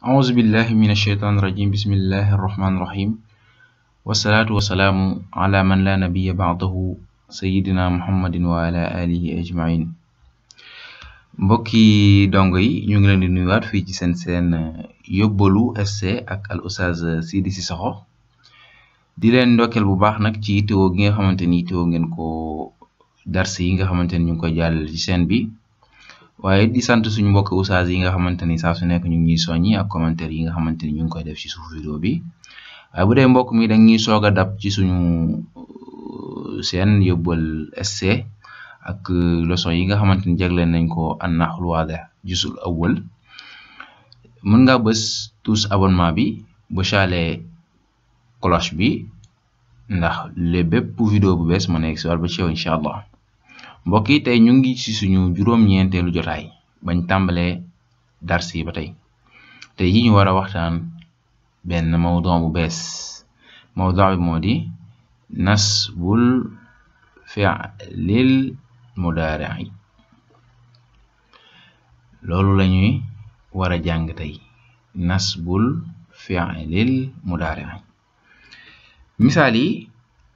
auzu billahi min asheytaan irajim bismillahi arrahmaan irrahim wasalaatu wasalaamu ala man laa nabiya baadahu sayidina muhammadin wa ala alihi ajmain dongo yi ñu ngi leen di nuyuwaat fii ci seen seen uh, yobbalu SC ak al oustaz uh, Sidi Cissokho di leen ndokkeel bu baax nag ci yittewoo gi nga xamante ni ngeen ko darse yi nga xamante ni ñu ngi koy jàllale ci seen bi waaye di sant suñu mbokk oustaz yi nga xamante ni saa su nekk ñu ngi ñuy soññi ak commentaire yi nga xamante ni ñu ngi koy def ci suuf vidéo mbokk mi da ñuy soog a dab ci suñu uh, seen yóbbal SC ak uh, leçon yi nga xamante ni jagleen nañ ko an-nahul waadih jusul awwal mën ngaa bës tous abonnement bi bëcaale cloche bi ndax le bépp vidéo bu bees mën nekk si wàll ba ci yow incha allah mbokk yi tey ñu ngi ci suñu juróom-ñeenteelu jotaay bañ tàmbalee darsi ba tey tey yi ñu war a waxtaan benn mawdon bu bees mawdon bi moo di nas nasbul fi'lil mudaari loolu la ñuy war a jàng tey nasbul fi'lil mudaari misaal yi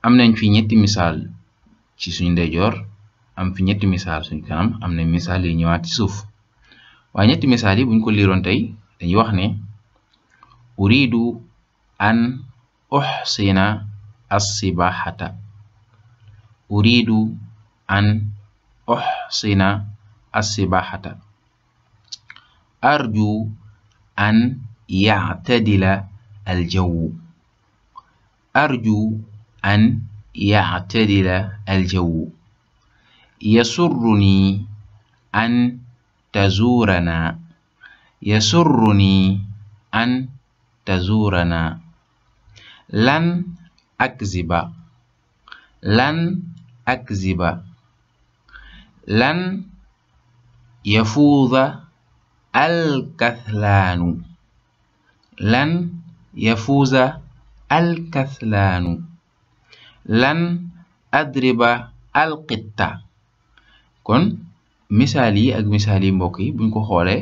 am nañ fi ñetti misaal ci suñu ndeyjoor am fi ñetti misaal suñ kanam am na misaal yi ñëwaat ci suuf waaye ñetti misaal yi buñ ko liiroon tey dañuy wax ne uridu an uxsina assibaxata uridu an uxsina assibaxata arju an yactadila aljawu arju an yactadila aljawu yasurruni an tazurana yasurruni an tazurana lan akziba lan akziba lan yafuuza alkahlaanu lan yafuuza alkahlaanu lan adriba alqitta kon misaal yi ak misaal yi mbokk yi buñ ko xoole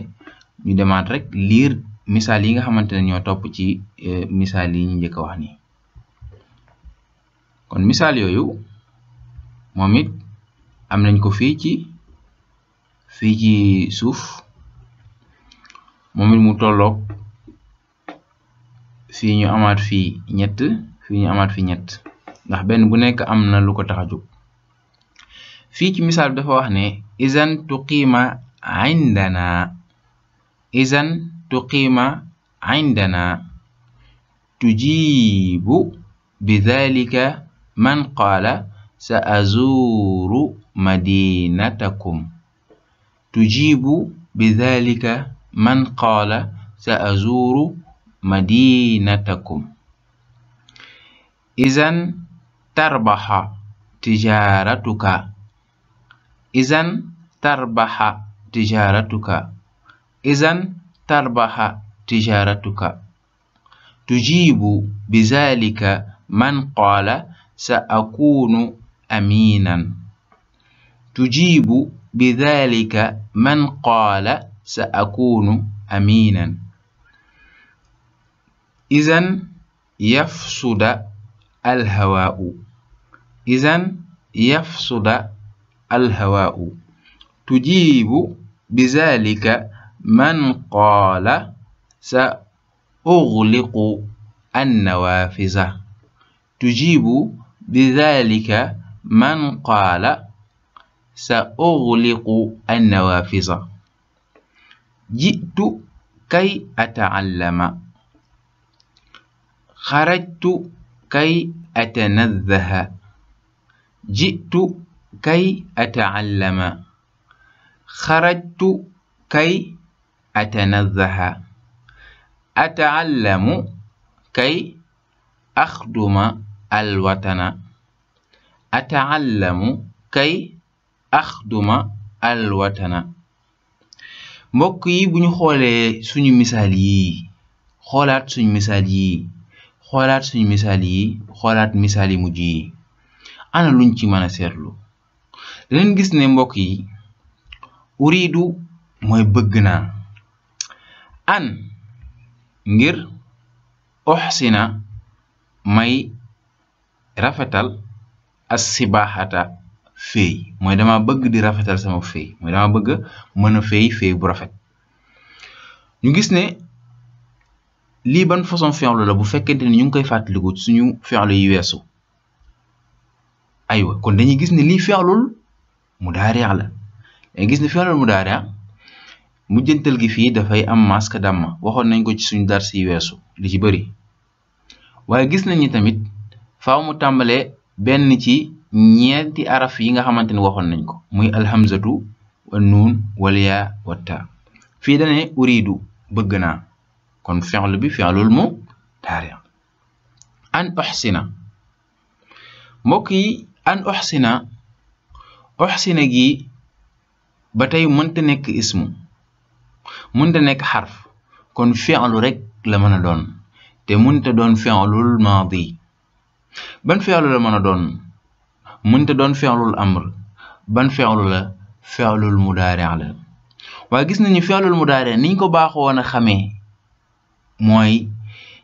ñu demaat rek liir misaal yi nga xamante ne ñoo topp ci eh, misaal yi ñu njëkk wax nii kon misaal yooyu moom it am nañ ko fii ci fii ci suuf moom mu tolloog fi ñu amaat fii ñett ñu amaat fi ñett ndax benn bu nekk am na lu ko tax a jóg fii ci misaal bi dafa wax ne izan tuqiima indana izan tuqiima indana tujiibu bi dalika man qaala sa azuuru madinatakum tujiibu bi dalika man qaala sa azuuru madinatakum izan tarbaxa tijaaratuka izan tarbaha tijaratuka izan tarbaha tijaratuka tujibu bizalika man qala saakunu aminan tujibu bidhalika man qala saakunu aminan izan yafsuda alhawaa'u izan yafsuda alhawaau tujiibu bizalika man qaala sa ughliqu annawaafisa tujiibu bizalika man qaala sa ughliqu annawaafisa ji'tu kay ata'allama xarajtu kay atanazzaha ji'tu kay أتعلم خرجت كي أتنزه أتعلم kay أخدم الوطن أتعلم كي أخدم الوطن mbokk yi bu ñu xoolee suñu misaal yi xoolaat suñu misaal yi xoolaat suñu misaal yii xoolaat misaal yi mujj yi ana luñ ci mën a seetlu danañ gis ne mbokk yi uriidu mooy bëgg naa an ngir oxsina may rafetal as sibaaxata feey mooy dama bëgg di rafetal sama feey mooy dama bëgg mën a feey feey bu rafet ñu gis ne lii ban façon fi'lu la bu fekkent ni ñu ngi koy fàttaliku suñu fi'lu yi weesu aywa kon dañuy gis ne lii fi'lul mu mudaarix la day gis ni fi'lul mudaarix mujjantal gi fii dafay am maska damma waxoon nañ ko ci suñu dars yi weesu li ci bëri waaye gis nañ ni tamit faaw mu tàmbalee benn ci ñeenti araf yi nga xamante ne waxoon nañ ko muy alhamzatu wa nuun wal yaa fii dane uridu bëgg naa kon fi'l bi fi'lul mudaarix an uxsina mbokk yi an uxsina oxsina gi ba tey mënta nekk ismu mënta nekk xarf kon fi'lu rekk la mën a doon te mënta doon fi'lul maadi ban fi'lu la mën a doon mënta doon fi'lul amr ban fi'lu la fi'lul mudaari la waaye gis nañu fi'lul mudaari niñ ko baaxoon xame mooy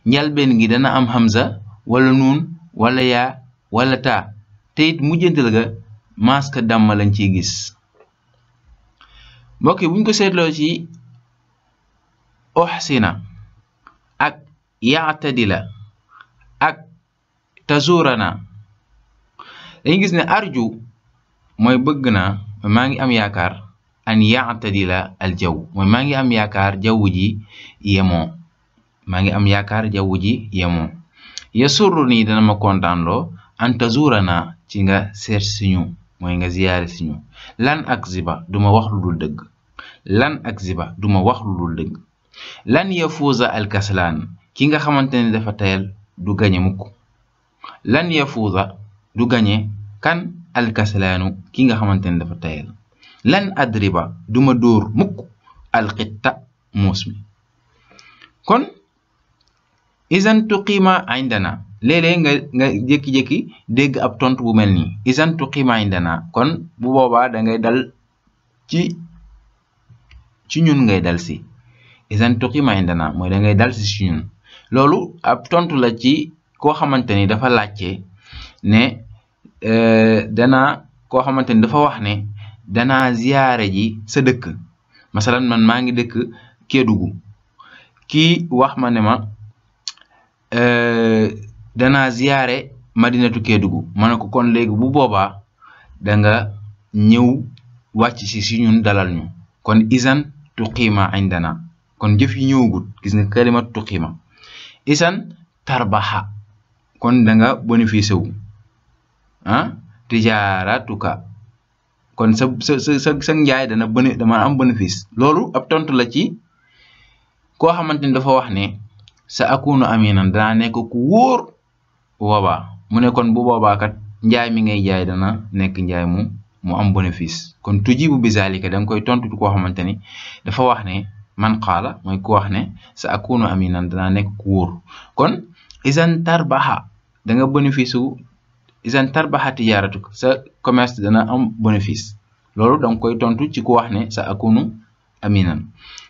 njalbeen gi dana am hamza wala nuun wala yaa walla taa te it mujjantal ga masque dàmm lañ ciy gis mbokk yi buñ ko seetloo ci uxsina ak yaatadila ak tazurana dañuy gis ne arju mooy bëgg naa maa ngi am yaakaar an yaatadila al jaww mooy maa ngi am yaakaar jaww ji yemoo maa ngi am yaakaar jaww ji yemoo yasurru nii dana ma kontaanloo an tazurana ci nga seet si ñu mooy nga ziyaare si ñu lan ak ziba duma wax lu dul dëgg lan ak ziba duma wax lu dul dëgg lan yafuuza alkaslaan ki nga xamante ne dafa tayal du gañe mukk lan yafuuza du gañe kan alkaslaanu ki nga xamante ne dafa tayal lan adriba duma dóor mukk alxitta muus mi kon isan tuqiima indana léeg nga nga jékki dégg ab tontu bu mel nii isantu ximaañ danaa kon bu boobaa da ngay dal ci ci ñun ngay dal si isantu ximaañ mooy da ngay dal si si loolu ab tontu la ci koo xamante ni dafa laajte ne euh, danaa koo xamante ni dafa wax ne danaa ziyaare ji sa dëkk masalan man maa ngi dëkk Kédougou kii wax ma ne ma danaa ziyaare madinatu Kédougou ma ne ko kon léegi bu boobaa da nga ñëw wàcc si si ñun dalal ñu kon isan tuqiima indana kon jëf yi ñëwagut gis nga kalimat tuqiima isan tarbaxa kon danga nga bénéficié wu ah tijaaratuka kon sa sa sa njaay dana bëne dama am bénéfice loolu ab tontu la ci koo xamante ni dafa wax ne sa akunu aminan danaa nekk ku wóor bu boobaa mu ne kon bu boobaa kat njaay mi ngay jaay dana nekk njaay mu mu am bénéfice kon tuji bu bisalika da nga koy tontu koo xamante ni dafa wax ne man xaala mooy ku wax ne sa akunu aminan danaa nekk ku kon isan tarbaxa danga nga bénéfice wu isan tarbaxa tijaaratu sa commerce dana am bénéfice loolu da koy tontu ci ku wax ne sa akunu aminan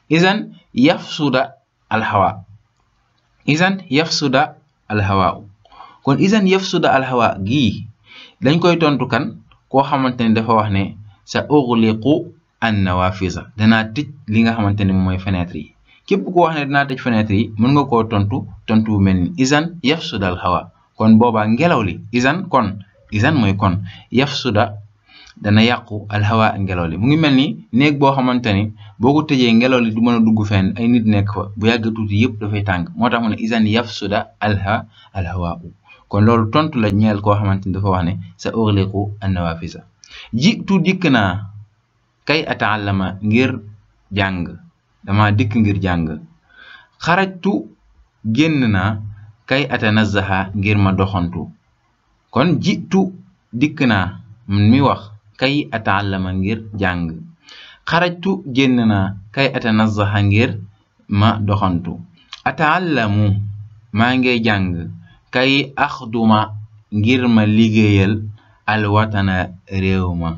isan yafsuda alhawa isan yafsuda alhawa kon isan yëf suda alxawa gii dañ koy tontu kan koo xamante ne dafa wax ne sa uxliqu an nawafisa danaa tëj li nga xamante ne mooy fenêtre yi képp ko wax ne danaa tëj fenêtre yi mën nga koo tontu tontu bu mel ni isan yaf suda alxawa kon boobaa ngelaw li isan kon isan mooy kon yaf suda dana yàqu alxawa ngelaw li mu ngi mel ni néeg boo xamante ni boo ko tëjee ngelaw li du mën a dugg fenn ay nit nekk fa bu yàgg tuuti yëpp dafay tàng moo tax mu ne isan yaf suda alha kon loolu tontu la ñeel koo xamante ni dafa wax ne sa ughliqu an-nawafisa jiitu dikk naa kay ataallama ngir jàng dama dikk ngir jàng xarajtu génn naa kay atanazaha ngir ma doxantu kon jiitu dikk naa mi wax kay ataallama ngir jàng xarajtu génn naa kay atanazaha ngir ma doxantu ataallamu maa ngay jàng kay axduma ngir ma liggéeyal alwatana réew ma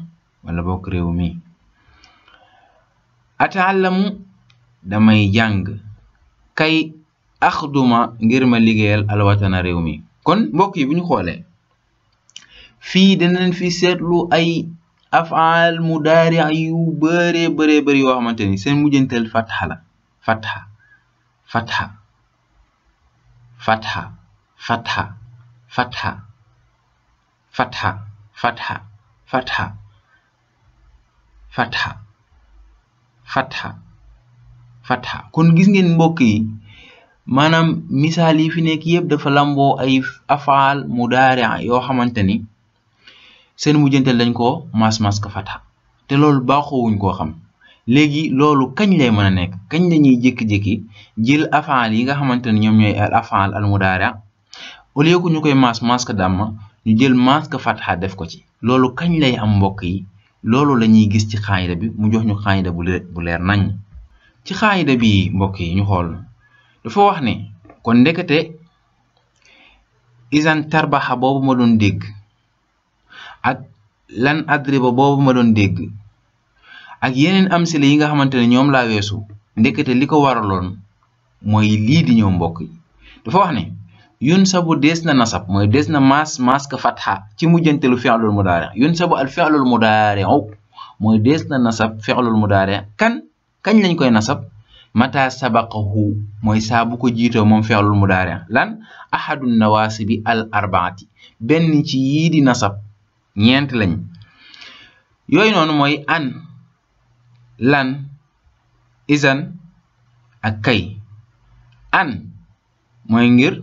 wala bokk réew mi ataalamu damay jàng kay axduma ngir ma liggéeyal alwatana réew mi kon mbokk yi bu ñu xoolee fii danañ fi seetlu ay afaal mudaari yu bëree bëree bëri yoo xamante ni seen mujjantal fatxa la fatxa fatxa fatxa fatxa fatxa fatxa fatha fatxa fatha fatha kon gis ngeen mbokk yi maanaam misaal yi fi nekk yëpp dafa lamboo ay afaal mudaari yoo xamante ni seen mujjantel dañ ko mas mas ka fatha te loolu baaxoowuñ koo xam léegi loolu kañ lay mën a nekk kañ lañuy jékki-jékki jël afaal yi nga xamante ne ñoom ñooy al al mudaari au lieu ñu koy maas masque dàmma ñu jël masque fatha def ko ci. loolu kañ lay am mbokk yi loolu la ñuy gis ci xaayida bi mu jox ñu xaayida bu leer bu leer nañ ci xaayida bi mbokk yi ñu xool dafa wax ne kon ndekete isan tarbaxa boobu ma doon dégg ak lan adriba boobu ma doon dégg ak yeneen am sile yi nga xamante ne ñoom laa weesu ndekete li ko waraloon mooy lii di ñëw mbokk yi dafa wax ne yun sabu des na nasab mooy des na maas maas ka fatxa ci mujjantelu fi'lul mudaari yun sabu al fi'lul mudaari oh, mooy dees na nasab fi'lul mudaari kan kañ lañ koy nasab mata sabaqahu mooy saa ko jiitoo moom fi'lul mudaari lan ahadu nawaasibi al arbaati benn ci yii di nasab ñeent lañ yooyu noonu mooy an lan izan ak kay an mooy ngir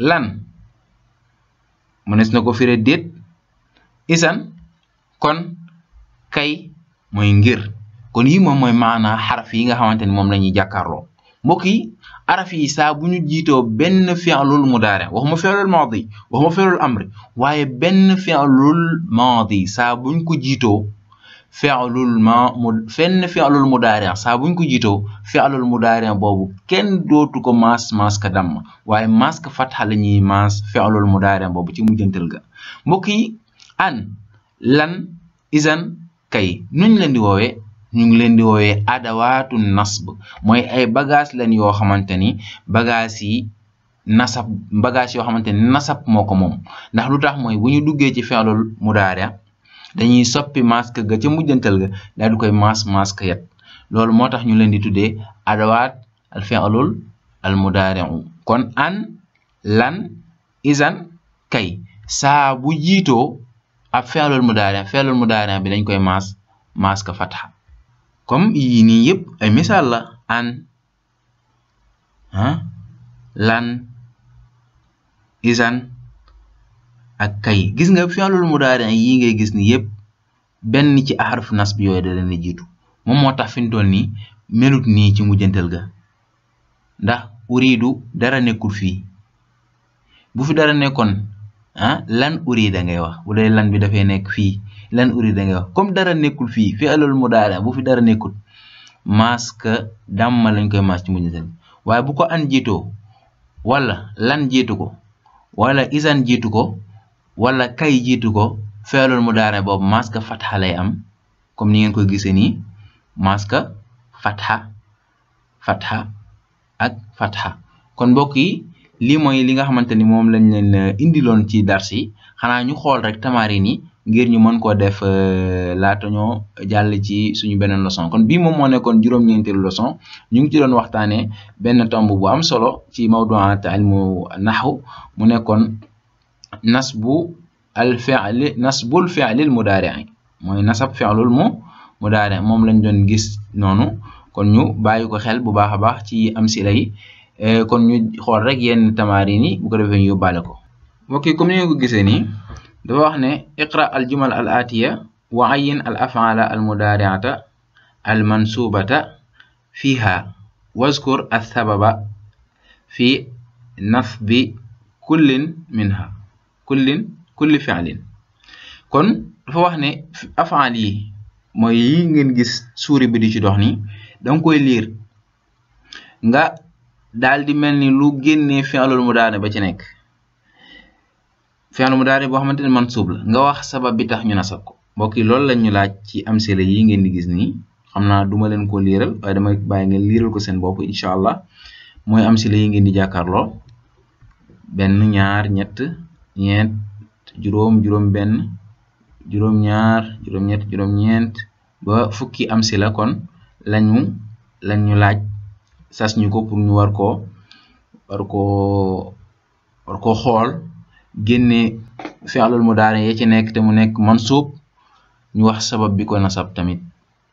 lan mënees na ko fire déet isan kon kay moy ngir kon yi moom mooy maanaa xaraf yi nga xamante ni moom la ñuy jàkkaarloo mbokk yi araf yi saa bu ñu jiitoo benn fi'lul mudaari waxuma fi'lul maadi waxuma fi'lul amri waaye benn fi'lul maadi saa buñ ko jiitoo fi'lul ma mu fenn mu mudaari saa buñ ko jiitoo fi'lul mudaari boobu kenn dootu ko maas maas ka damma waaye maas ka fatxa la ñuy maas mu mudaari boobu ci mujjantal ga mbokk yi an lan izan kay nuñ leen di woowee ñu ngi leen di woowee adawaatu nasb mooy ay bagage lañ yoo xamante ni bagage yi nasab bagage yoo xamante ni nasab moo ko moom ndax lu tax mooy bu ñu duggee ci fi'lul mudaari dañuy soppi masque ga ca mujjantal ga daal di koy mas masque yat loolu moo tax ñu leen di tudde adawaat al fi'lul al mudaari'u kon an lan izan kay saa bu jiitoo ab fi'lul mudaari' fi'lul mudaari' bi dañ koy mas masque fatha comme yii nii yëpp ay misaal la an ah, lan izan ak kay gis nga fi fi'lul mudaari yi ngay gis ni yëpp benn ci xarfu nasb yooyu da leen jiitu moom moo tax fi mu toll nii melut nii ci mujjantal ga ndax uriidu dara nekkul fii bu fi dara nekkoon ah lan uriida ngay wax bu dee lan bi dafay nekk fii lan uriida ngay wax comme dara nekkul fii mu mudaari bu fi dara nekkul maska dàmma lañ koy mas ci mujjantal waaye bu ko an jiitoo walla lan jiitu ko walla isan jiitu ko wala kay jiitu ko feelul mu daara boobu maska fatxa lay am comme ni ngeen koy gisee nii maska fatxa fatxa ak fatxa kon mbokk yi lii mooy li nga xamante ni moom lañ leen euh, indiloon ci dars yi xanaa ñu xool rek tamarin yi ngir ñu mën koo def euh, laata ñoo jàll ci suñu beneen leçon kon bii moom moo nekkoon juróom-ñeenteelu leçon ñu ngi ci doon waxtaanee benn tomb bu am solo ci mawduat ilmu naxu mu nekkoon nasbu al fi'li nasbul fi'lil mudaari'i mooy nasab fi'lul mu mudaari moom lañ doon gis noonu kon ñu bàyyi ko xel bu baax a baax ci am sila e, kon ñu xool rek yenn tamarin yi bu ko defee ko mbokk comme ni ko gisee nii dafa wax ne iqra al jumal al atiya wa ayin al afaala al mudaariata al mansuubata fiha wazkur al sababa fi nasbi kullin minha kullin kulli fi'lin kon dafa wax ne afaal yi mooy yi ngeen gis suuri bi du ci dox ni danga koy liir nga daal di mel ni lu génnee fi'lul mudaari ba ci nekk fi'lul mudaari boo xamante ne mansuub la nga wax sabab bi tax ñu nasab ko mbokk yi loolu lañ ñu laaj ci amsila yi ngeen di gis nii xam naa duma leen ko liiral waaye dama bàyyi ngeen liiral ko seen bopp incha allah mooy amsila yi ngeen di jàkkaarloo benn ñaar ñett ñeent juróom juróom benn juróom ñaar juróom ñett ba fukki am si la kon lañu lañu laaj sas ñu ko pour ñu war koo war koo war koo xool génne fi'lul mudaari ya ci nekk te mu nekk mansuub ñu wax sabab bi ko sab tamit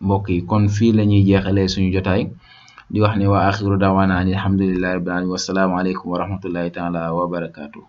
mbokk yi kon fii la ñuy jeexalee suñu jotaay di wax ne wa axiru daawaana ani alhamdulillahi rabbil alamin wasalaamu aleykum wa rahmatullahi taala wa barakaatu